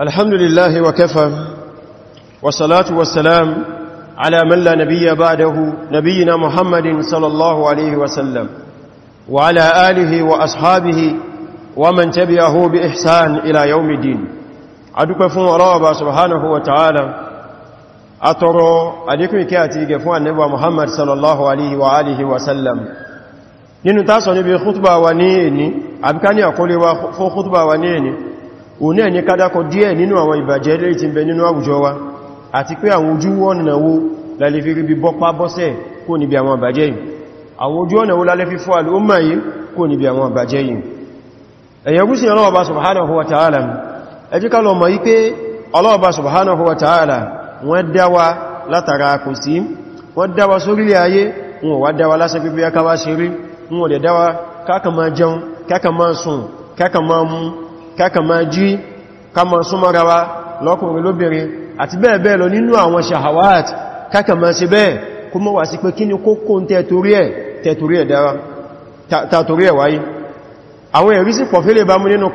الحمد لله وكفى والصلاة والسلام على من لا نبي بعده نبينا محمد صلى الله عليه وسلم وعلى آله وأصحابه ومن تبعه بإحسان إلى يوم الدين أدوك فون رابا سبحانه وتعالى أترى أدوكم كاتي قفوان نبوى محمد صلى الله عليه وآله وسلم ننتاسو نبي خطبة ونيني أبكاني أقول فو خطبة ونيني òní ẹni kádàkọ díẹ̀ nínú àwọn ìbàjẹ́ lè ti bẹ nínú àwùjọ wa àti pé àwọn ojú ọ̀nà wo la lè fi rí bí bọ́pá bọ́sẹ̀ kò níbi àwọn àbàjẹ́ yìí àwọn ojú ọ̀nà wo la lè fi fọ́ al'umma yìí kò níbi àwọn àbàjẹ́ yìí ẹ̀yẹ̀gúsí ọlọ́ọ̀bá subhanahu wa ta'ala ẹ jẹ́ ká kákan máa jí ká máa súnmọ́ra wa lọ́kùnrin lóbìnrin àti bẹ́ẹ̀ bẹ́ẹ̀ lọ nínú àwọn shahawat kákan máa ṣe bẹ́ẹ̀ kó mọ́ wà sí pé kí ni kókó tẹ́torí ẹ̀ tẹ́torí ẹ̀ dára tàtorí ẹ̀ wáyé àwọn ẹ̀rí sì pọ̀fẹ́lẹ̀ bá mú nínú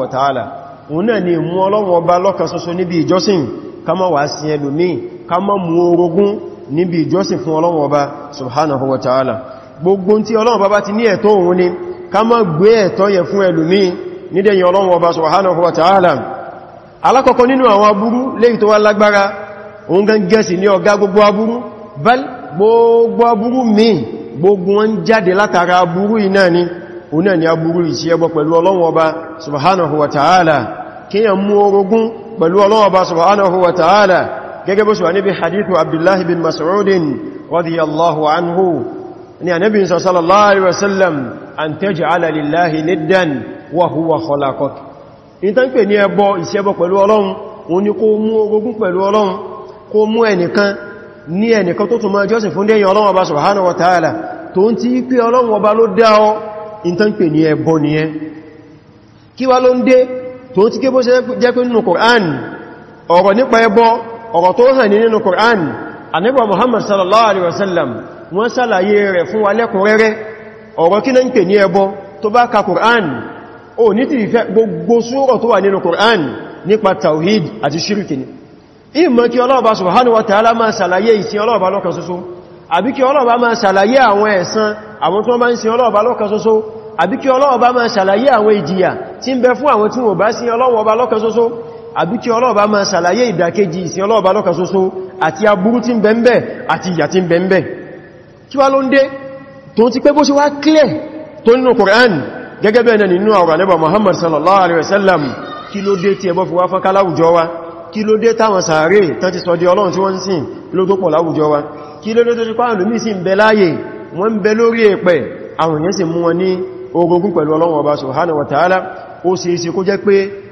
wa ta'ala òun náà ni mú Ọlọ́run Ọba lọ́kan ṣoṣo níbi ìjọsìn ká níbi ìjọsìn fún Ọlọ́run Ọba subhanahu wa ta'ala gbogbo tí Ọlọ́run Ọba ti ní ẹ̀tọ́ òun ni ká má gbé ẹ̀tọ́ yẹn fún ẹlòmí nídẹ̀yìn Ọlọ́run Ọba subhanahu wa ta'ala alákọ̀ọ́kọ́ nínú àwọn aburú léyìí tó wá lágbára òun gangan sì ní ọ̀gá gbogbo aburú bal gbogbo aburú míì gbogbo wọn jáde látara aburú iná ni òun ni aburú ìṣẹ́ ẹbọ pẹ̀lú Ọlọ́run Ọba gẹ́gẹ́ bó ṣe wà níbi hadithu abdullahi bin mas'udin radiyallahu anhu ni anabi sallallahu alaihi wasallam an taj'ala lillahi niddan wa huwa khalaqak in tan pè ní ẹbọ ìṣẹbọ pẹ̀lú Ọlọ́hun ó ní ẹnìkan tó tún máa jọ́sìn fún deyin Ọlọ́hun Ọba subhanahu wa ta'ala tó nti pé Ọlọ́hun Ọba ló dá ọ in tan pè ní ẹbọ nìyẹn kí wá ló nde tó ti ke bó jẹ́ pé nínú Qur'an ọ̀rọ̀ nípa ẹbọ ọ̀rọ̀ tó hàn nínú Qur'an Ànábì Muhammad sallallahu alaihi wasallam wọ́n ṣàlàyé rẹ̀ fún wa lẹ́kùnrẹ́rẹ́ ọ̀rọ̀ kí náà ń pè ní ẹbọ tó bá ka Qur'an ó ní ti fẹ́ gbogbo súrọ̀ tó wà nínú Qur'an nípa tawhid àti shirkin ìmọ̀ kí Ọlọ́run subhanahu wa ta'ala máa ṣàlàyé ìsìn Ọlọ́run lọ́kan ṣoṣo àbí kí Ọlọ́run máa ṣàlàyé àwọn ẹ̀san àwọn tó bá ń sin Ọlọ́run bẹ fún àwọn tí wọ́n bá sin Ọlọ́run lọ́kan ṣoṣo àbí kí ọlọ́ọ̀bá máa ṣàlàyé ìdàkejì ìsìn ọlọ́ọ̀bá lọ́kan ṣoṣo àti aburú tí ń bẹ̀m̀bẹ̀ àti ìyà tí ń bẹ̀m̀bẹ̀ kí wá ló ń dé tó ti pé bó ṣe wá clear tó nínú Qur'an gẹ́gẹ́ bẹ́ẹ̀ náà nínú ọ̀rọ̀ Ànábì Muhammad sallallahu alaihi wasallam kí ló dé tí ẹbọ fi wá fán ká láwùjọ wa kí ló dé táwọn sàárè tán ti sọ di Ọlọ́run tí wọ́n ń sìn kí ló tó pọ̀ láwùjọ wa kí ló dé tó pẹ̀lú Ọlọ́run ọba subhanahu wa ó sì ṣe kó jẹ́ pé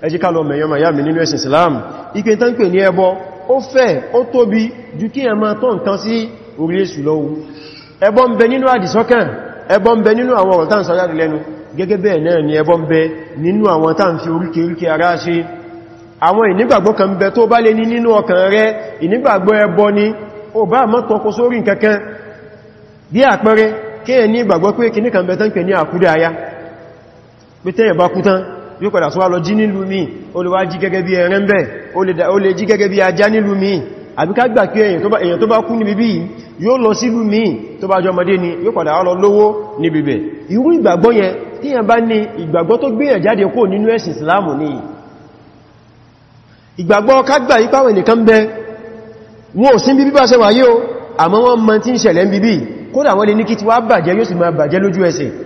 ẹ jẹ́ ká lọ mẹ̀yàn ma yá mi nínú ẹ̀sìn Islam ike tán pè ní ẹbọ ó fẹ̀ ó tóbi ju kí ẹ máa tọ́ nǹkan sí orí èṣù lọ́wọ́ ẹbọ ń bẹ nínú àdìsọ́kàn ẹbọ ń bẹ nínú àwọn ọ̀rọ̀ tán sọ́yá lẹ́nu gẹ́gẹ́ bẹ́ẹ̀ náà ni ẹbọ ń bẹ nínú àwọn tán fi oríkèríkè ara ṣe àwọn ìnígbàgbọ́ kan bẹ tó bá lé ní nínú ọkàn rẹ ìnígbàgbọ́ ẹbọ ni ó bá mọ́ tọkọ sórí nǹkankan bí àpẹẹrẹ kí ẹ ní ìgbàgbọ́ pé kìníkan bẹ tán pè ní àkúdá aya pé tẹ́yẹ̀ bá kú tán yóò padà tó wá lọ jí nílùú mi ó lè wá jí gẹ́gẹ́ bí ẹran bẹ́ ó lè jí gẹ́gẹ́ bí ajá nílùú mi àbí ká gbà pé èyàn tó bá kú níbi bí yóò lọ sílùú mi tó bá jọmọdé ni yóò padà lọ lówó níbi bẹ̀ irú ìgbàgbọ́ yẹn tí yẹn bá ní ìgbàgbọ́ tó gbéyàn jáde kó nínú ẹ̀sìn Islam ní ìgbàgbọ́ ká gbà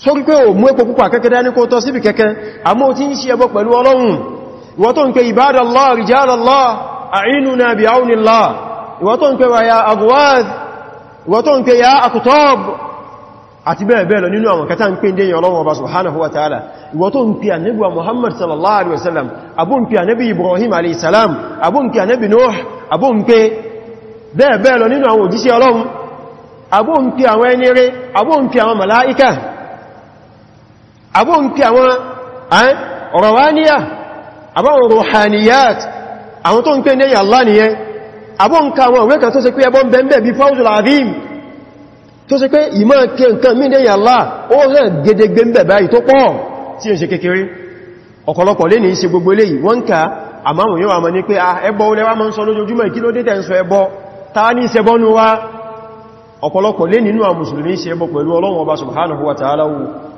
sórí pé o mú epo púpà kẹ́kẹ́ dání kó tọ́ síbì kẹ́kẹ́ àmọ́ tí ń ṣe ẹbọ pẹ̀lú ọlọ́run ìwọ tó ń pè ibadallah rijalallah a'inuna bi'awnillah ìwọ tó ń pè ya agwaz ìwọ tó ń pè ya akutob àti bẹ́ẹ̀ bẹ́ẹ̀ lọ nínú àwọn kẹta ń pè ń dẹ́yìn ọlọ́run ọba subhanahu wa ta'ala ìwọ tó ń pè ànábì wa muhammad sallallahu alaihi wasallam abu ń pè ànábì ibrahim alaihi salam abu ń pè ànábì nuh abu ń pè bẹ́ẹ̀ bẹ́ẹ̀ lọ nínú àwọn òjíṣẹ́ ọlọ́run abu ń pè àwọn ẹni abu ń pè àwọn màláíkà àbọ́ ń pè àwọn rọ̀wáníyà àbáwọn rọ̀hàníyàt àwọn tó ń pè nẹ́yà Allah nìyẹn àbọ́ ń ka àwọn òwékan tó ṣe pé ẹbọ́n bẹ̀m̀bẹ̀ bí fawzul azim tó ṣe pé ìmọ̀ kí nǹkan mí nẹ́yà Allah ó rẹ̀ gẹ́gẹ́gbẹ́ mẹ́ báyìí tó pọ̀ tí ń ṣe kékeré ọ̀kọ̀lọpọ̀ lè ní ṣe gbogbo eléyìí wọ́n ka àmáhùn yóò àmọ́ ní pé ah, ẹbọ olẹ́ wá mọ́ ń sọ lójoojúmọ́ ìkí ló dé tẹ́ ń sọ ọ̀pọ̀lọpọ̀ lè nínú àwọn mùsùlùmí ṣe ẹbọ pẹ̀lú Ọlọ́run ọba subhanahu wa ta'ala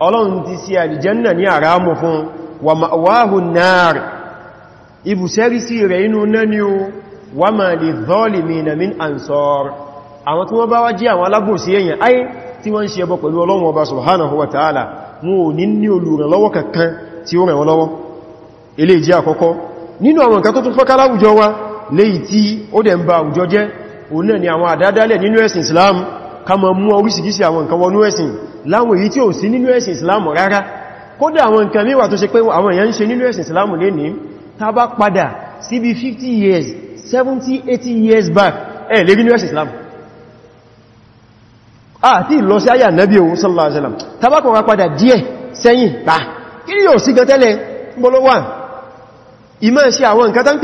ọlọ́run ti sí àlìjẹ́nà ní àrámù fún wà ma'wáhù náàrì ibùsẹ́rí sí rẹ̀ inú náni o wà máa lè zọ́ọ̀lì mìnàmín ansọ́r àwọn tí wọ́n bá wá jí àwọn alábòsí èèyàn ayé tí wọ́n ń ṣe ẹbọ pẹ̀lú ọlọ́run ọba subhanahu wa ta'ala wọn ò ní Kama ma mú oríṣìíríṣìí àwọn nǹkan wọnú ẹ̀sìn láwọn èyí tí ò sí nínú ẹ̀sìn islamu rárá kódà àwọn nǹkan míwà tó ṣe pé àwọn èèyàn ṣe nínú ẹ̀sìn islamu lè ní ta bá padà sí bí 50 years 70 80 years back ẹ̀ lè rí nínú ẹ̀sìn islamu àti lọ sí àyà nàbí ohun sallallahu alaihi wasallam ta bá kọ̀wà padà díẹ̀ sẹ́yìn pa kí ni yóò sí gan tẹ́lẹ̀ gbọ́lọ́wà ìmọ̀ ṣe àwọn nǹkan tán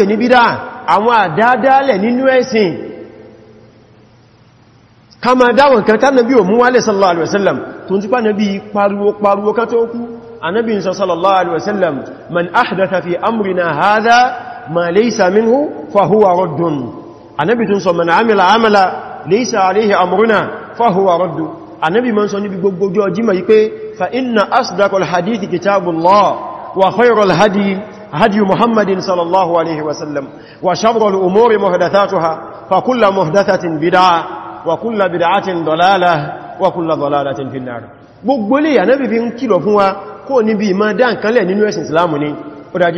kama dáwọn kan tánàbí ò mú wálé sallallahu alaihi wasallam tó ń ti pánàbí pariwo pariwo ká tó kú anábí ń sallallahu alaihi wasallam man ahdatha fi amrina hadha ma laysa minhu fa huwa raddun anábí tún sọ man amila amala laysa alaihi amruna fa huwa raddun anábí man sọ níbi gbogbo ọjọ́ jima yí pé fa inna asdaqal hadith kitabullah wa khayrul hadi hadi هدي محمد صلى الله wa وسلم umuri muhdathatuha fa kullu muhdathatin bid'ah وكل بدعة ضلالة وكل ضلالة في النار gbogbo lè yà náà fi ń kìlọ̀ fún wa kó níbi ìmọ̀ dáǹkanlẹ̀ nínú ẹ̀sìn Ìsìlámù ni ó dá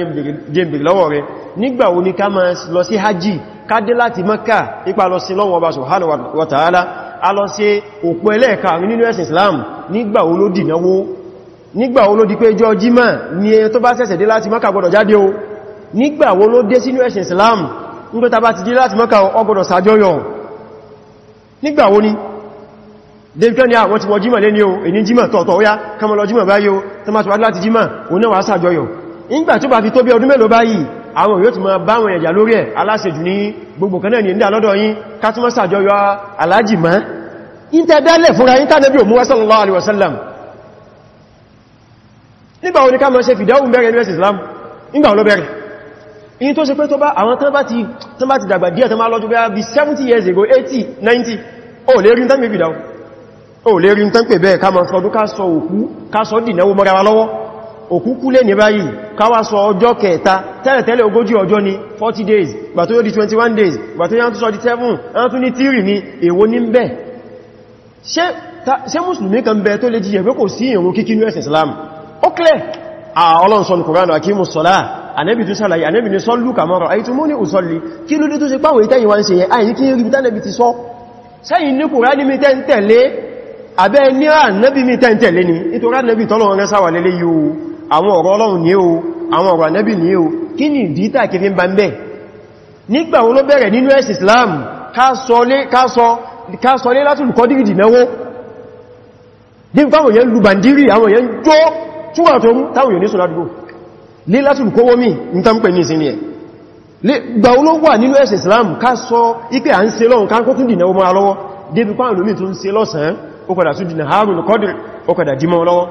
jẹ́mbìrì lọ́wọ́ rẹ̀ nígbà wo ni ká máa lọ sí hajji kádé láti Mákà ipa lọ sí lọ́wọ́ ọba Subhanahu wa ta'ala a lọ sí òpó ẹlẹ́ẹ̀kàrin nínú ẹ̀sìn Ìsìlámù nígbà wo ni ẹ tó bá ṣẹ̀ṣẹ̀ ló dé sínú ẹ̀sìn Ìsìlámù nígbà tá bá ti dé láti Mákà ọgbọdọ̀ sàjọyọ̀ nígbà wo ni david ah, kenya wọ́n ti wọ jímọ̀ lẹ́ni o èní jímọ̀ tọ̀ọ̀tọ̀ ó yá kọmọ lọ jímọ̀ báyìí o tó máa tọ̀wá láti jímọ̀ o náà wà sàjọyọ̀ ìgbà tó bá fi tó bí ọdún mélòó báyìí àwọn yóò ti máa báwọn ẹ̀yà lórí ẹ̀ aláṣejù ní gbogbo kan náà ní ìdá lọ́dọ̀ Islam nígbà wo ló bẹ̀rẹ̀ in tó ṣe bá ti dàgbà díẹ̀ tán máa lọ́jọ́ 70 years ago 80 90 ó lè rí tán pè bìdáwó ó lè rí tán pè bẹ́ẹ̀ ká máa sọdún ká sọ òkú ká sọ dìnáwó mọ́ra wa lọ́wọ́ òkú kú lè ní báyìí káwà sọ ọjọ́ kẹta tẹ́lẹ̀tẹ́lẹ̀ ogójì ọjọ́ ni 40 days gbà tó yóò di 21 days gbà tó yá tó sọ di 7 ẹran tó ní tírì ní èwo ní bẹ́ ṣe mùsùlùmí kan bẹ tó lè jíyẹ pé kò sí ìrun kíkí ní ẹ̀sìn Islam ó kílẹ̀ ọlọ́nsọ́n kòránù akímù sọ́lá anẹ́bì tó sàlàyé anẹ́bì ní sọ́lù kàmọ́rọ̀ àìtùmú ní òsọ́lì kí ló dé tó ṣe páwẹ̀ ìtẹ́yìnwá ń ṣe yẹ sẹ́yìn ní kùránì mi tẹ́ ń tẹ̀lé àbẹ́ ní ànábì mi tẹ́ ń tẹ̀lé ni nítorí ànábì tọ́lọ̀wọ́n rẹ́ sáwà lélé yíò àwọn ọ̀rọ̀ ọlọ́run ní o àwọn ọ̀rọ̀ ànábì ní o kí ni ìdítà ba ń bẹ̀ nígbà wo Islam ká sọ lé látùlù kọ́ dìrì dìnáwó ní fáwọn yẹn lu bàndírì àwọn yẹn jó túwà tó mú táwọn yẹn ní sùn ládùgbò lé látùlù kówó mi gbà oló wà nínú ẹ̀sẹ̀ Islam ká sọ ipé à ń ṣe lọ́run ká kó tún dìnà ọmọ alọ́wọ́ débi pàà lómi tó ń ṣe lọ́sàn ó padà tún dìnà harun kọdìrì ó padà dímọ́ lọ́wọ́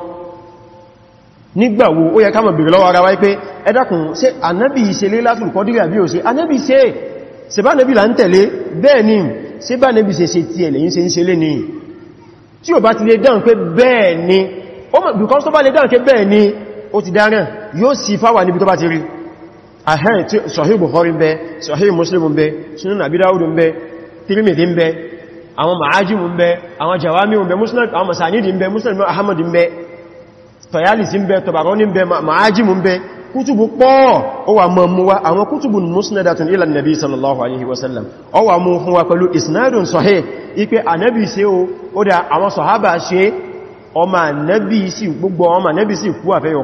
nígbàwó ó yẹ ká mọ̀ bèèrè lọ́wọ́ ara wáyé pé ẹ dákun ṣé anábì ṣe lé látùl kọdìrì àbí ò ṣe anábì ṣe ṣe bá anábì là ń tẹ̀lé bẹ́ẹ̀ ni ṣe bá anábì ṣe ṣe tiẹ̀ lẹ́yìn ṣe ń ṣe lé ní tí ò bá ti lè dáhùn pé bẹ́ẹ̀ ni ó mọ̀ bí kọ́ tó bá lè dáhùn pé bẹ́ẹ̀ ahẹ́n tí Sahih Bukhari ń bẹ Sahih Muslim ń bẹ Sunan Abi Dawud ń bẹ Tirmidhi ń bẹ àwọn ma'ajimu ń àwọn jawami ń bẹ muslim àwọn masanidi ń bẹ muslim Ahmad ń bẹ Tayalisi ń bẹ Tabarani ń bẹ ma'ajimu ń bẹ kútùbù pọ̀ ó wà mọ̀ àwọn kútùbù musnadatun ila nabi sallallahu alaihi wasallam ó wà mú fún wa pẹ̀lú isnadun anabi ṣe o ó da àwọn sahaba ṣe ọmọ anabi sí gbogbo ọmọ anabi sí kú àfẹ́yọ̀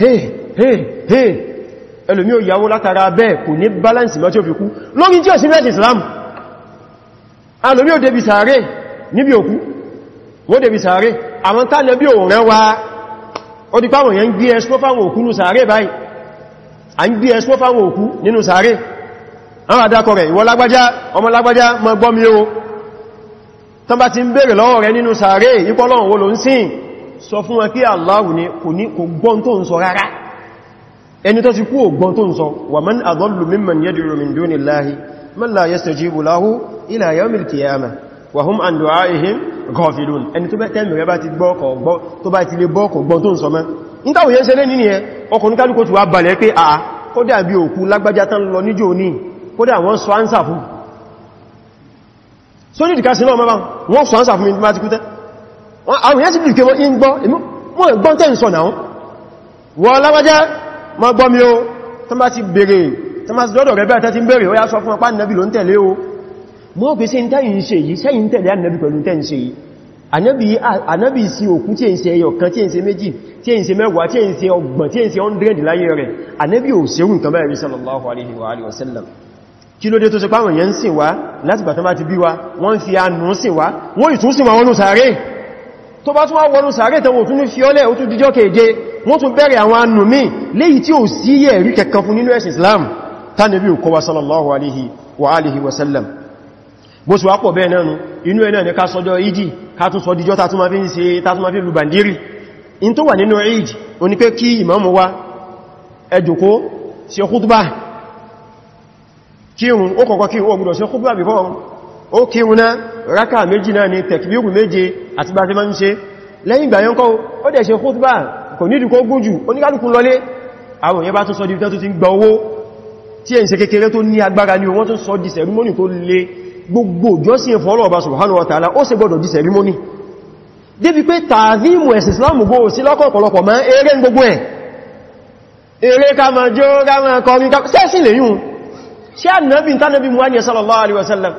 hey hey hey elu ò yàwó látara bẹ́ẹ̀ kò ní balance mọ́ tí ó fi kú lórí tí ó sí mẹ́sì Islam alòmí ò débi sàárè níbi òkú wọ́n débi sàárè àwọn tánà bí òun rẹ̀ wá ó di páwọn yẹn gbé fáwọn òkú nínú sàárè a ń gbé ẹṣọ́ fáwọn òkú nínú sàárè àwọn àdákọ̀ rẹ̀ ìwọ lágbájá ọmọ lágbájá sọ fún wọn kí Allahu ní kò ní kò gbọ́n tó ń sọ rárá ẹni tó ti kú ò gbọ́n tó ń sọ wa man adallu mimman yad'u min dunillahi man la yastajibu lahu ila yawmil qiyamah wa hum an du'a'ihim ghafilun ẹni tó bẹ́ tẹ́mì rẹ bá ti gbọ́ kò gbọ́ tó bá ti lè bọ́ kò gbọ́n tó ń sọ mọ́ ń táwọn yẹn ṣe lé nínú yẹn ọkùnrin kálukú ti wá balẹ̀ pé àà kódà bí òkú lágbájá tán lọ níjò ní kódà wọ́n sọ ánsà fún so ní ìdíkásí náà mọ́ bá wọ́n sọ ánsà fún mi tí má ti kú tẹ́ àwọn èèyàn ti bí ìkẹwọ́ in gbọ́ wọ́n gbọ́n tẹ́ ń sọ náà wọ́n láwájá ma gbọ́ mi o tán bá ti bèèrè tán bá ti lọ́dọ̀ rẹ̀ bẹ́ẹ̀ tẹ́ ti ń bèèrè ó yá sọ fún apá nẹ́bì ló ń tẹ̀lé o mọ́ pé sí tẹ́yìn ṣe yìí sẹ́yìn tẹ̀lé ànẹ́bì pẹ̀lú tẹ́yìn ṣe yìí ànẹ́bì sí òkú tí ń ṣe ẹyọ kan tí ń ṣe méjì tí kí ló dé tó ṣe páwọn yẹn ń wá láti gbà ti bí wa wọ́n fi àánú sìn wá wọ́n ìtún sìn wọ́n ló sàárè tó bá tún wá wọnú sàárè tán wọ́n tún ní fiọ́lẹ̀ ó tún díjọ́ keje wọ́n tún bẹ̀rẹ̀ àwọn anù léyìí tí ò sí yẹ̀ rí kẹkàn fún nínú ẹ̀sìn Islam tánàbí ò kọwa sallallahu alihi wa alihi wasallam bó sì wápọ̀ bẹ́ẹ̀ nánu inú ẹ̀ náà ní ká sọjọ́ ìjì ká tún sọ díjọ́ tátúmà fi ń ṣe tátúmà fi lùbàndírì in tó wà kí ìmámù ó kọ̀kọ́ kí ó gbọ́dọ̀ ṣe khutbah before ó kírun náà rákà méjì náà ni tẹ̀kìbírù méje àti bá ti máa ń ṣe lẹ́yìn ìgbà yọ́nkọ́ ó dẹ̀ ṣe khutba kò nídìí kó gùn jù oníkálùkù lọlé àwọn èèyàn bá tún sọ di tó ti ń gba owó tí ẹ̀ ń ṣe kékeré tó ní agbára ni wọ́n tún sọ di sẹ̀rímónì tó le gbogbo ìjọsìn fọ́lọ̀ ọba subhanahu wa ta'ala ó sì gbọdọ̀ di sẹ̀rímónì débi pé tààzímù ẹ̀sì islam sallallahu alaihi wasallam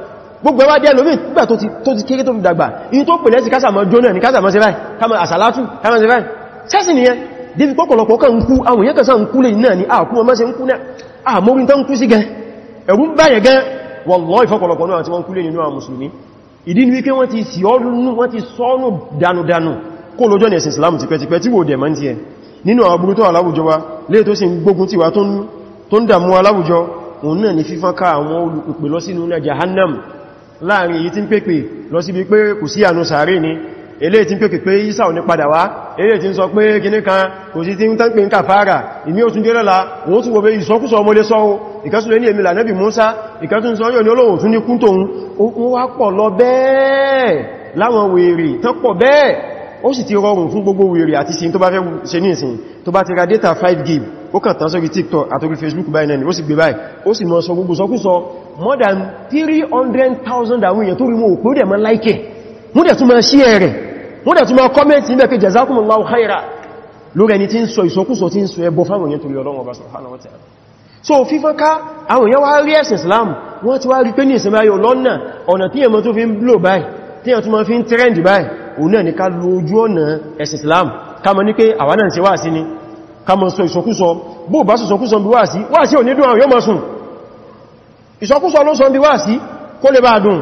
gbogbo ẹwà díẹ̀ lórí ìgbà tó ti kéré tó fi dàgbà in tó pè lẹ́sì kásàmọ́ jónà ní kásàmọ́ sí báyìí kásàmọ́ àsàlátù kásàmọ́ sí báyìí sẹ́sì nìyẹn débi pọ́pọ̀lọpọ̀ kan ń kú àwọn èyẹ́ kẹsàn ń kú lè náà ní àkú ọmọ sí ń kú náà àmórí tán kú sí gan ẹ̀rù ń báyẹ̀ gan wọ́nlọ́ ìfọ́pọ̀lọpọ̀ náà tí wọ́n kú lè nínú àwọn mùsùlùmí ìdí ni wípé wọ́n ti sì ọ́nù wọ́n ti òun náà ni fífán ká àwọn olùpèpè lọ sínú náà jahannam láàrin èyí tí ń pèpè lọ síbi pé kò sí àánú sàárè ni èlé tí ń pèpè pé isa ò ní padà wá èlé tí ń sọ pé kíní kan kò sí tí ń tán pè ń kàfàárà ìmí ò tún dé lọ́la òun tún wòbe ìsọkúsọ ọmọdé sọ́wọ́ ìkẹ́sùn lé ní èmì lànẹ́bì Musa ìkẹ́sùn sọ yóò ní olóòwò tún ní kún ó kàn tán sórí tiktok àtorí facebook báyìí náà ni ó sì gbé báyìí ó sì mọ́ sọ gbogbo sọkúsọ more than 300,000 àwọn èèyàn tó rí mọ́ òpó dẹ̀ mọ́ láìkẹ̀ mú dẹ̀ tún mọ́ sí ẹ̀rẹ̀ mú dẹ̀ tún mọ́ kọ́mẹ́ntì ní pé jazakumullahu khaira lórí ẹni tí ń sọ ìsọkúsọ tí ń sọ ẹbọ fáwọn èèyàn torí Ọlọ́run Ọba subhanahu wa ta'ala so fífán ká àwọn èèyàn wá rí ẹ̀sìn Islam wọ́n ti wá rí pé ní ìsinmi ayò lọ́nà ọ̀nà tí èèyàn tó fi ń blow báyìí tí èèyàn tó máa fi ń trend báyìí òun náà ní ká lójú ọ̀nà ẹ̀sìn Islam ká mọ̀ ní pé àwa náà ti wá sí ni kàmọ̀ sọ ìṣọkúsọ bó bá sọ̀sọ̀kúsọ bí wáàsí wáàsí ò ní dùn àwọn yóò mọ̀ sùn ìṣọkúsọ ló sọ bí wáàsí kó lè bá dùn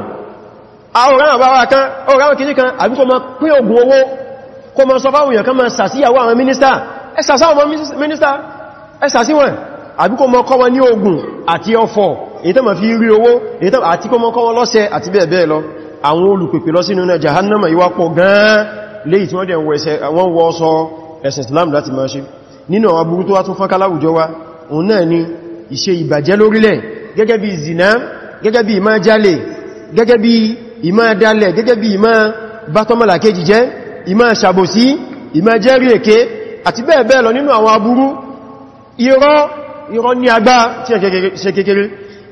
àwọn àbára kan ọ̀rọ̀ kìí kan àbí kó ma pín ogun owó kó ma sọ fáwọn èèyàn kan ma sàsíyàwó àwọn mínísítà ẹsàsá àwọn mínísítà ẹsàsí wọn àbí kó ma kọ́ wọn ní ogun àti ọfọ̀ èyí tó ma fi rí owó àti kó ma kọ́ wọn lọ́sẹ̀ àti bẹ́ẹ̀ bẹ́ẹ̀ lọ àwọn olùpèpè lọ sínú náà jahannama ìwà pọ̀ gan-an léyìí tí wọ́n dẹ̀ wọ́n wọ́ sọ ẹ̀sìn Islam láti máa ṣe nínú àwọn aburú tó wá tún fọ́nká láwùjọ wa òun náà ni ìṣe ìbàjẹ́ lórílẹ̀ gẹ́gẹ́ bí zina gẹ́gẹ́ bí ìmá jálè gẹ́gẹ́ bí ìmá dalẹ̀ gẹ́gẹ́ bí ìmá bátọ́mọ̀lá kejì jẹ́ ìmá ṣàbòsí ìmá jẹ́rìí èké àti bẹ́ẹ̀ bẹ́ẹ̀ lọ nínú àwọn aburú irọ́ irọ́ ní agbá tí a ṣe kékeré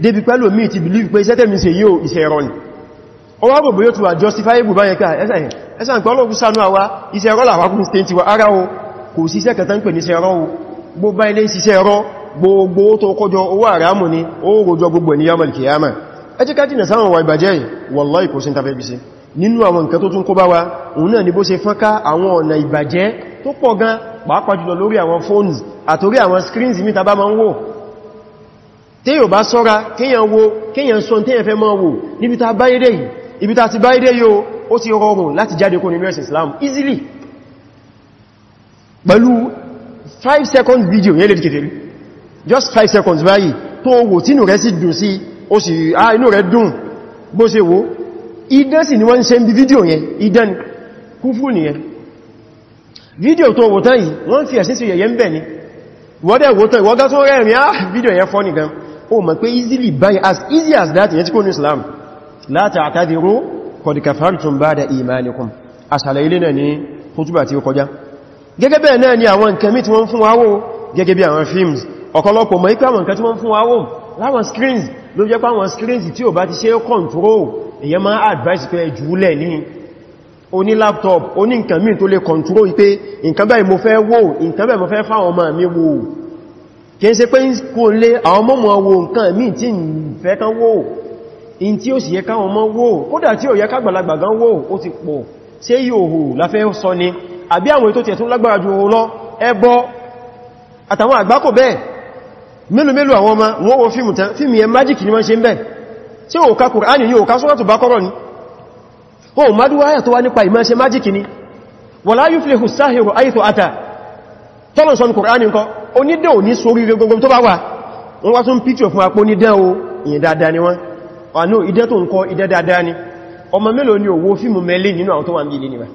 débi pẹ́lú mi ti kò síṣẹ́ kẹta ń pè ní sẹ́rọ bó bá ilé síṣẹ́ ẹ̀rọ gbogbo tó kọjọ owó àrámù ni ó rọjọ gbogbo ẹni yamal kìyàmà ẹ jẹ́ ká jìnà sáwọn wà ìbàjẹ́ wallahi ni bó ṣe fánká àwọn ọ̀nà ìbàjẹ́ tó pọ̀ gan pàápàá jùlọ lórí àwọn fóònù àtorí àwọn screens mi tàbá ma ń wò téèyàn bá sọ́ra kéèyàn wo kéèyàn sọ téèyàn fẹ́ máa wò níbi ta ibi ta ti báyédé yìí ó ti rọrùn láti jáde kó nínú ẹ̀sìn Islam easily pẹ̀lú 5 seconds video yẹ́ lè kèfèrí just 5 seconds báyìí tó wò tí inú rẹ̀ sì dùn sí ó sì á ah, inú rẹ̀ dùn bó ṣe wò idán sì ni wọ́n ṣe ń bí video yẹn idán kúfù nìyẹn video tó wò tán yìí wọ́n fi ẹ̀sìn sí yẹ̀yẹ́ ń bẹ̀ ni wọ́dẹ̀ wò tán ìwọ́gá ah, video yẹn fọ́ nìgan ó mọ̀ pé easily as easy as that yẹn tí kò ní Islam la ta'tadiru qad kafartum ba'da imanikum àṣàlẹ̀ ilé náà ní kútùbà tí ó kọjá gẹ́gẹ́ bẹ́ẹ̀ náà ni àwọn nǹkan mí tí wọ́n fún wáwó gẹ́gẹ́ bí àwọn films ọ̀kọ̀lọpọ̀ mọ̀ ikú àwọn nǹkan tí wọ́n fún wáwó láwọn screens ló jẹ́ pàwọn screens tí ó bá ti ṣe control èyẹ máa advice pé jùúlẹ̀ ní oní laptop oní nǹkan mí control pé nǹkan báyìí mo fẹ́ wò nǹkan báyìí mo fẹ́ fáwọn ọmọ mi wò kí n ṣe pé kò lè àwọn ọmọ mọ̀ wo nǹkan mí tí ń fẹ́ kán wò àbí àwọn ètò tẹ̀tún lágbára jù òun lọ ẹbọ àtàwọn àgbákò bẹ́ẹ̀ mélòó mélòó àwọn ọmọ wọ́n wo fíìmù tán fíìmù yẹn májíkì ni wọ́n ṣe ń bẹ̀ tí ó ká kùránì ní òká sọ́rọ̀tù bá kọ́rọ̀ ni ó mádúwá ayà tó wá nípa ìmọ́ṣe májíkì ni wala yuflihu sáhìrò ayìtò àtà tọ́lọ̀ sọ kùránì nǹkan onídẹ́ ò ní sórí gbogbo tó bá wà wọ́n wá tún píkì fún apó ní dẹ́o ìyẹn dáadáa ni wọ́n wà ní ìdẹ́ tó ń kọ ìdẹ́ dáadáa ni ọmọ mélòó ni òwò fíìmù mẹ́lẹ́ nínú àwọn tó wà ń bí ilé níbà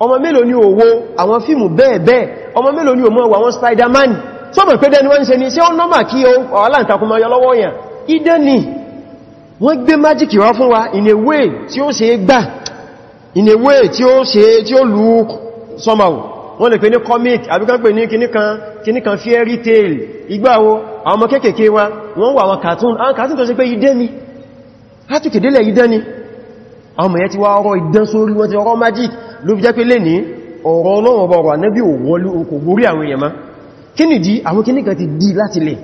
ọmọ mélòó ni òwò àwọn fíìmù bẹ́ẹ̀bẹ́ẹ̀ ọmọ mélòó ni òmọ́ àwọn Spiderman sọ́bọ̀ pé dẹni wọ́n ń ṣe ní ṣe ó nọ́mà kí o aláǹtakùn máa yọ lọ́wọ́ yàn idẹ́ wọ́n gbé májíkì wá fún wa in a way tí ó ṣe gbà in a way tí ó ṣe tí ó look somehow wọ́n lè comic àbí kan pè ní kíní kan fairy tale ìgbàwo àwọn ọmọ kéékèèké wa wọ́n cartoon àwọn cartoon tó ṣe pé idẹ́ ni látùkèdélẹ̀ idẹ́ àwọn mẹ̀yẹ ti wá ọ̀rọ̀ ìdán sórí wọn ti ọ̀rọ̀ magic ló fi jẹ́ pé lè ní ọ̀rọ̀ ọlọ́run ọba ọ̀rọ̀ anẹ́bí òwọlú okò borí àwọn èèyàn ni dí àwọn kíní kan ti dí láti lè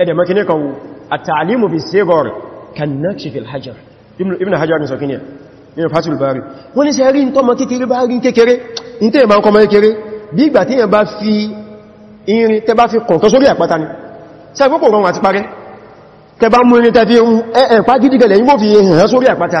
ẹ̀dẹ̀mọ́ kíní kan wo àtàlímù fi sẹ́gọ̀r kannakshi fil hajar ibn hajar ní sọkíní nínú fatul bari wọ́n ní sẹ́rí ní tọ́mọ kékeré bá rí kékeré ní tẹ́yẹ̀ bá ń rọrùn àti parẹ́ tẹ́ mú irin tẹ́ ẹ̀ẹ̀pá gídígẹ̀lẹ̀ yíwó fi hàn sórí àpáta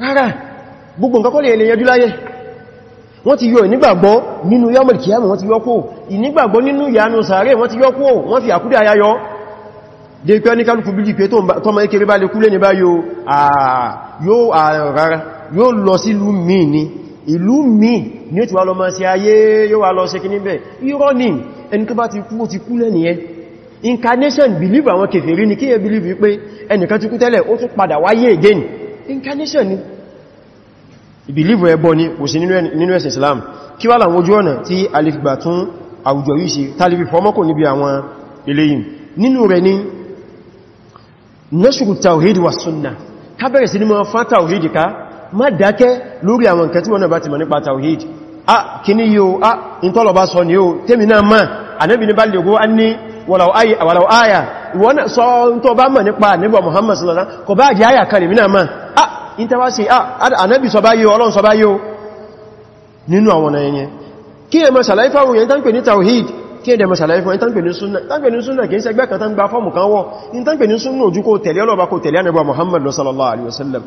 rárá gbogbo nǹkan kọ́ lè yẹnjú láyé wọ́n ti yọ ìnígbàgbọ́ nínú yọ́mọ̀lì kìyàmù wọ́n ti yọ́ kó ìnígbàgbọ́ nínú ìyanu sàárè wọ́n ti yọ́ kó wọ́n fi àkúdà ayayọ́ dé pé ní kálùkù bí pé tó mọ́ ikere bá lè kúlé ní bá yóò rárá yóò lọ sí ìlú míì ni incarnation believe àwọn kèfèrí believe pé ẹnìkan ti kú tẹ́lẹ̀ ó tún again incarnation ni ìbìlìfù ẹbọ ni kò sí nínú ẹ̀sìn Islam kí wá láwọn ojú ọ̀nà tí alifgbà tún àwùjọ yìí ṣe tàbí fọmọ́kò níbi àwọn eléyìn nínú rẹ̀ ni nashru tawhid wa sunna ká bẹ̀rẹ̀ sí ní mọ́ fán tawhid ká má dákẹ́ lórí àwọn nǹkan tí wọ́n náà bá ti mọ̀ nípa tawhid a kíní yóò a ìntọ́lọ̀ bá sọ ni yóò tẹ́mi náà máa ànábì ní bá lè gó Muhammad sallallahu alaihi wasallam kò bá jẹ́ ìntẹ́wà sí ah, ànábì sọ báyìí ọlọ́run sọ báyìí nínú àwọn ọ̀nà ẹ̀yẹn kí ẹmọ sàlàyé fáwọn èyàn tán pè ní tawhid kí ẹdẹmọ sàlàyé fún ìtànpè ní súnà ìtànpè ní súnà kìí sẹgbẹ́ kan tán gba fọ́ọ̀mù kan wọ́ ìtànpè ní súnà ojú kó tẹ̀lé ọlọ́ba kó tẹ̀lé ànẹ́bà Muhammad sallallahu alaihi wasallam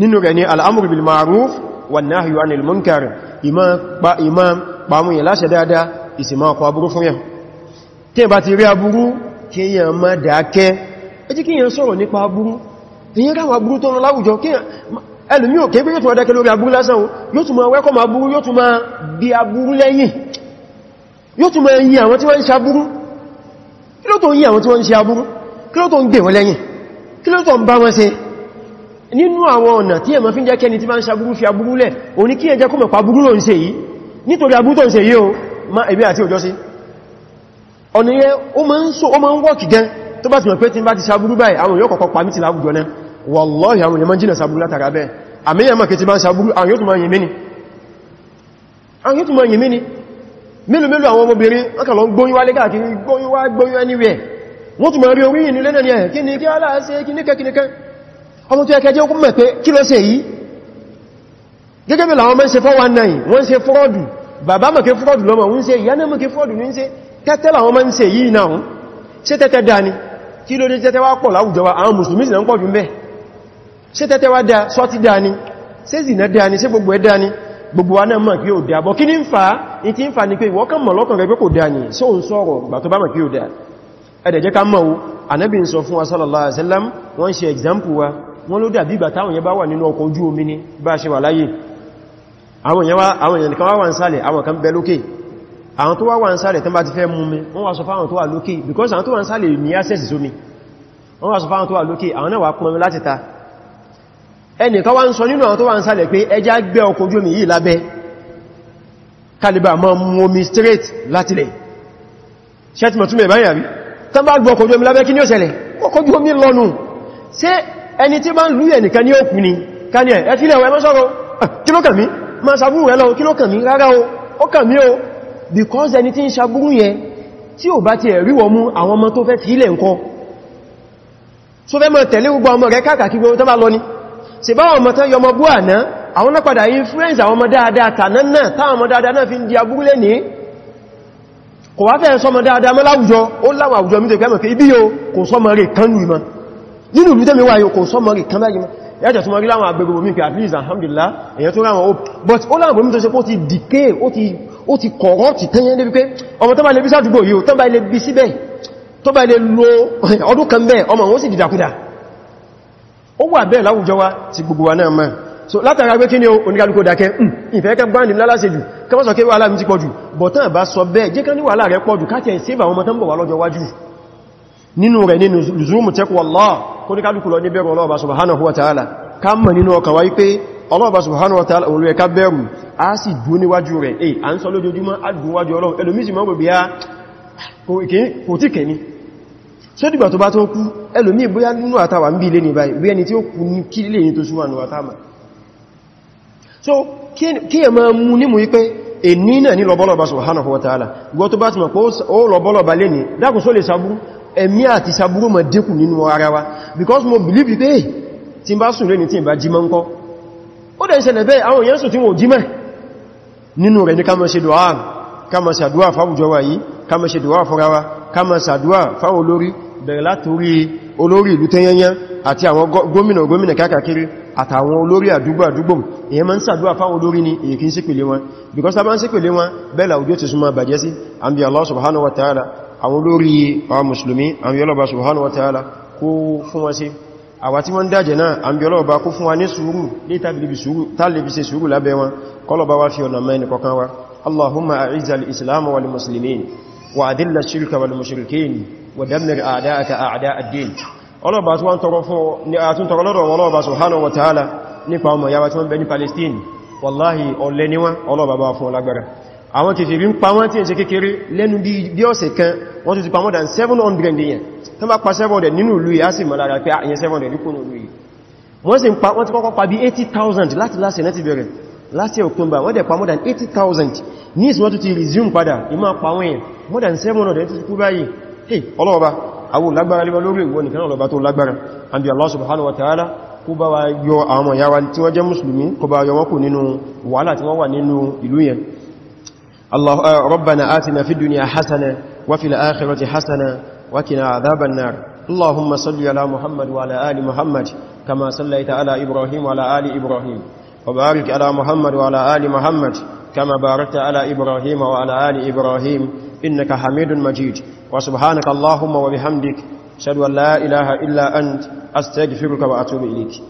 nínú rẹ̀ ni al'amur bil ma'ruf wan nahyu anil munkar imam pàmù yẹ láṣẹ dáadáa ìsìnmá ọkọ̀ tí ẹ bá ti rí aburú kí yẹn má dákẹ́ ẹ jẹ́ kí yẹn sọ̀rọ̀ nípa aburú ìyẹn káwọn agbúrú tó ń láwùjọ kí ẹlùmí ò kéèkéé tó ọdẹ́kẹ́ lórí agbúrú lásán yóò tún máa wẹ́kọ́ máa búrú yóò tún máa bí agbúrú lẹ́yìn yóò tún máa yìn àwọn tí wọ́n ń ṣe agbúrú kí ló tó ń yìn àwọn tí wọ́n ń ṣe agbúrú kí ló tó ń gbè wọ́n lẹ́yìn kí ló tó ń bá wọn ṣe nínú àwọn ọ̀nà tí ẹ̀mọ́ fi ń jẹ́ tí máa ń ṣagbúrú fi agbúrú lẹ̀ pa agbúrú ló ń ṣe yìí nítorí ma èmi àti òjọ́ sí ọ̀nà yẹ ó máa ń wọ́kì gan tó bá ti mọ̀ pé tí bá ti wallahi àwọn èèyàn jìnà sàbúrú látara bẹ́ẹ̀ àmìyàn mọ̀ kí ti bá ń sàbúrú àwọn yóò tún máa yìnmí ni àwọn yóò tún máa yìnmí ni mélòó mélòó àwọn ọmọbìnrin ọkàlọ gbóyúwá lé káàkiri anywhere wọ́n tún máa rí orí ìnú lẹ́nà ní ẹ̀ kí ni kí aláàṣẹ́ kí ní kẹ́kìníkẹ́ ọmọ tó yẹ kẹjẹ́ okùn mẹ́ pé kí ló ṣe yìí gẹ́gẹ́ bí làwọn mẹ́ ṣe 419 wọ́n ṣe fúrọ́dù bàbá mọ̀ kí fúrọ́dù lọ́mọ ń ṣe ìyá náà mọ̀ kí fúrọ́dù ní ṣe pọ̀ láwùjọ àwọn mùsùlùmí sì náà pọ̀ jù mẹ́ ṣe tẹ́tẹ́ wá dáa sọ ti dáa ni ṣe zìnà dáa ni ṣe gbogbo ẹ dáa ni gbogbo wa náà mọ̀ kí ó dáa bọ̀ kí ní ń fa ìtí ń fa ní pé ìwọ́kàn mọ̀ lọ́kàn rẹ̀ pé sallallahu alaihi wasallam wọ́n ṣe example wa wọ́n ló dàbí ni bá ṣe wà láyé àwọn èèyàn kan wá wà ń sálẹ̀ àwọn kan bẹ lókè àwọn tó wá wà ń sálẹ̀ tán bá ti fẹ́ mú mi wọ́n wá sọ fáwọn tó wà lókè because àwọn tó wà ń sálẹ̀ ní access sómi wọ́n wá sọ fáwọn tó wà lókè àwọn náà wà pọnmi láti ta ẹnìkan wá ń sọ nínú àwọn tó wá ń sálẹ̀ pé ẹjá gbẹ́ ọkọ̀ ojú omi yìí lábẹ́ kalibà ma mú omi straight látilẹ̀ ṣẹ́tìmọ̀ túnmẹ̀ báyìí àbí tán bá gbọ́ ọkọ̀ ojú omi lábẹ́ kí ní ó ọkọ̀ ojú omi lọ́nu ṣé ẹni tí bá ń lú ẹnìkan ní òkú ni ká ní ẹ fílẹ̀ ẹ má sọ̀rọ̀ ah, kí ló kàn mí má ṣàbúrú o ó o because ẹni tí ń ṣàbúrú yẹn tí ò bá ti ẹ̀rí wọ tó fẹ́ so fẹ́ mọ̀ tẹ̀lé gbogbo ọmọ rẹ̀ káàkiri tó bá lọ ni ṣe bá ọmọ tán yọmọ bú àná àwọn náà padà influence àwọn ọmọ dáadáa tàná náà táwọn ọmọ dáadáa náà fi ń di abúrúlé ní kò wá fẹ́ sọmọ dáadáa mọ́ láwùjọ ó láwọn àwùjọ mi tẹ̀kẹ́ mọ̀kẹ́ ibi yóò kò sọmọ rẹ̀ kan nù ìmọ̀ nínú ìlú mọ́ but ó láwọn bòmí tó ṣe pó ti decay ó ti corrupt tẹ́yẹn débi pé ọmọ tó bá lè bí sádùgbò yìí tó bá lè bí ọdún kan bẹ́ẹ̀ ọmọ wọn sì dìdàkudà ó wà bẹ́ẹ̀ láwùjọ wa ti gbogbo wa náà mọ́ so látara pé kí ni oníkàlùkò dákẹ́ hmm, ìfẹ́ẹ́kẹ́ bá nìmú lálásẹ̀jù kọmọ́ sọ kí wà láàrín ti pọ̀jù bọ̀tán bá sọ bẹ́ẹ̀ jẹ́ kan ní wà láàrẹ pọ̀jù káàkiri save àwọn ọmọ tán bọ̀ wà lọ́jọ́ wájú nínú rẹ̀ nínú Allah kóníkàlùkù lọ ní bẹ̀rù Allah subhanahu wa ta'ala ká mọ̀ nínú ọkàn wa wípé Allah subhanahu wa ta'ala olú ẹka bẹ̀rù a sì dúó níwájú rẹ̀ eh à ń sọ lójoojúmọ́ àdúnwájú Ọlọ́run ẹlòmísì mọ́ bòbí á ah, kò tí ṣe dìgbà tó bá tó kú ẹlòmí bóyá nínú àtàwà ń bí ilé ní báyìí bí ẹni tí ó kú ní kí ilé ní tó súnmà ní wàtàmà so kí ẹ máa mú nímú wípé èní náà ní lọ́bọ́lọ́bà subhanahu wa ta'ala gbọ́ tó bá ti mọ̀ pé ó lọ́bọ́lọ́bà lè ní dákùn só lè sabúrú ẹ̀mí because mo believe wípé eh, tí bá sùn lè ní tí bá jí mọ́ ó dẹ̀ ìṣẹ̀lẹ̀ bẹ́ẹ̀ àwọn èèyàn sùn tí wọ́n jí mẹ́ nínú rẹ̀ fáwọn olórí bẹ̀rẹ̀ látorí olórí ìlú tẹ́yẹnyẹ àti àwọn gómìnà gómìnà kákàkiri àtàwọn olórí àdúgbò àdúgbò èyàn máa ń ṣàdúwà fáwọn olórí ní èyíkí sípèlé wọn because tàbí sípèlé wọn bẹ́ẹ̀lá òjò ti súnmọ́ bàjẹ́ sí àmì Allah subhanahu wa ta'ala àwọn olórí àwọn mùsùlùmí àmì ọlọ́ba subhanahu wa ta'ala kó fún wọn sí àwa tí wọ́n dájẹ̀ náà àmì ọlọ́ba kó fún wa ní sùúrù ní tàbí ṣe sùúrù lábẹ́ wọn ودمر أعداءك أعداء الدين ọlọ́ọ̀bá tó wọ́n tọrọ fún ní àtúntọrọ lọ́dọ̀ wọn lọ́ọ̀bá subhanahu wa ta'ala nípa ọmọ yàwá tí wọ́n bẹ ní Palestine wàláhì ọlẹ́ níwá ọlọ́ọ̀bá bá October wọ́n dẹ̀ pa more than 80,000 ní wọ́n tún ti resume padà ìmọ̀ pa wọ́n more than 700 ti kú báyìí hey ọlọ́ọ̀bá àwọn lágbára lé wọn lórí ìwọ nìkan ọlọ́ọ̀bá tó lágbára àbí Allah subhanahu wa ta'ala kó bá wa yọ àwọn ìyá wa tí wọ́n jẹ́ mùsùlùmí kó bá yọ wọn kù nínú wàhálà tí wọ́n wà nínú ìlú yẹn Allah rabbana atina fid dunya hasana wa fil akhirati hasana wa qina adhaban nar اللهم صل على محمد وعلى آل محمد كما صليت على إبراهيم وعلى آل إبراهيم وبارك على محمد وعلى آل محمد كما باركت على إبراهيم وعلى آل إبراهيم إنك حميد مجيد وسبحانك اللهم وبحمدك أشهد أن لا إله إلا أنت أستغفرك وأتوب إليك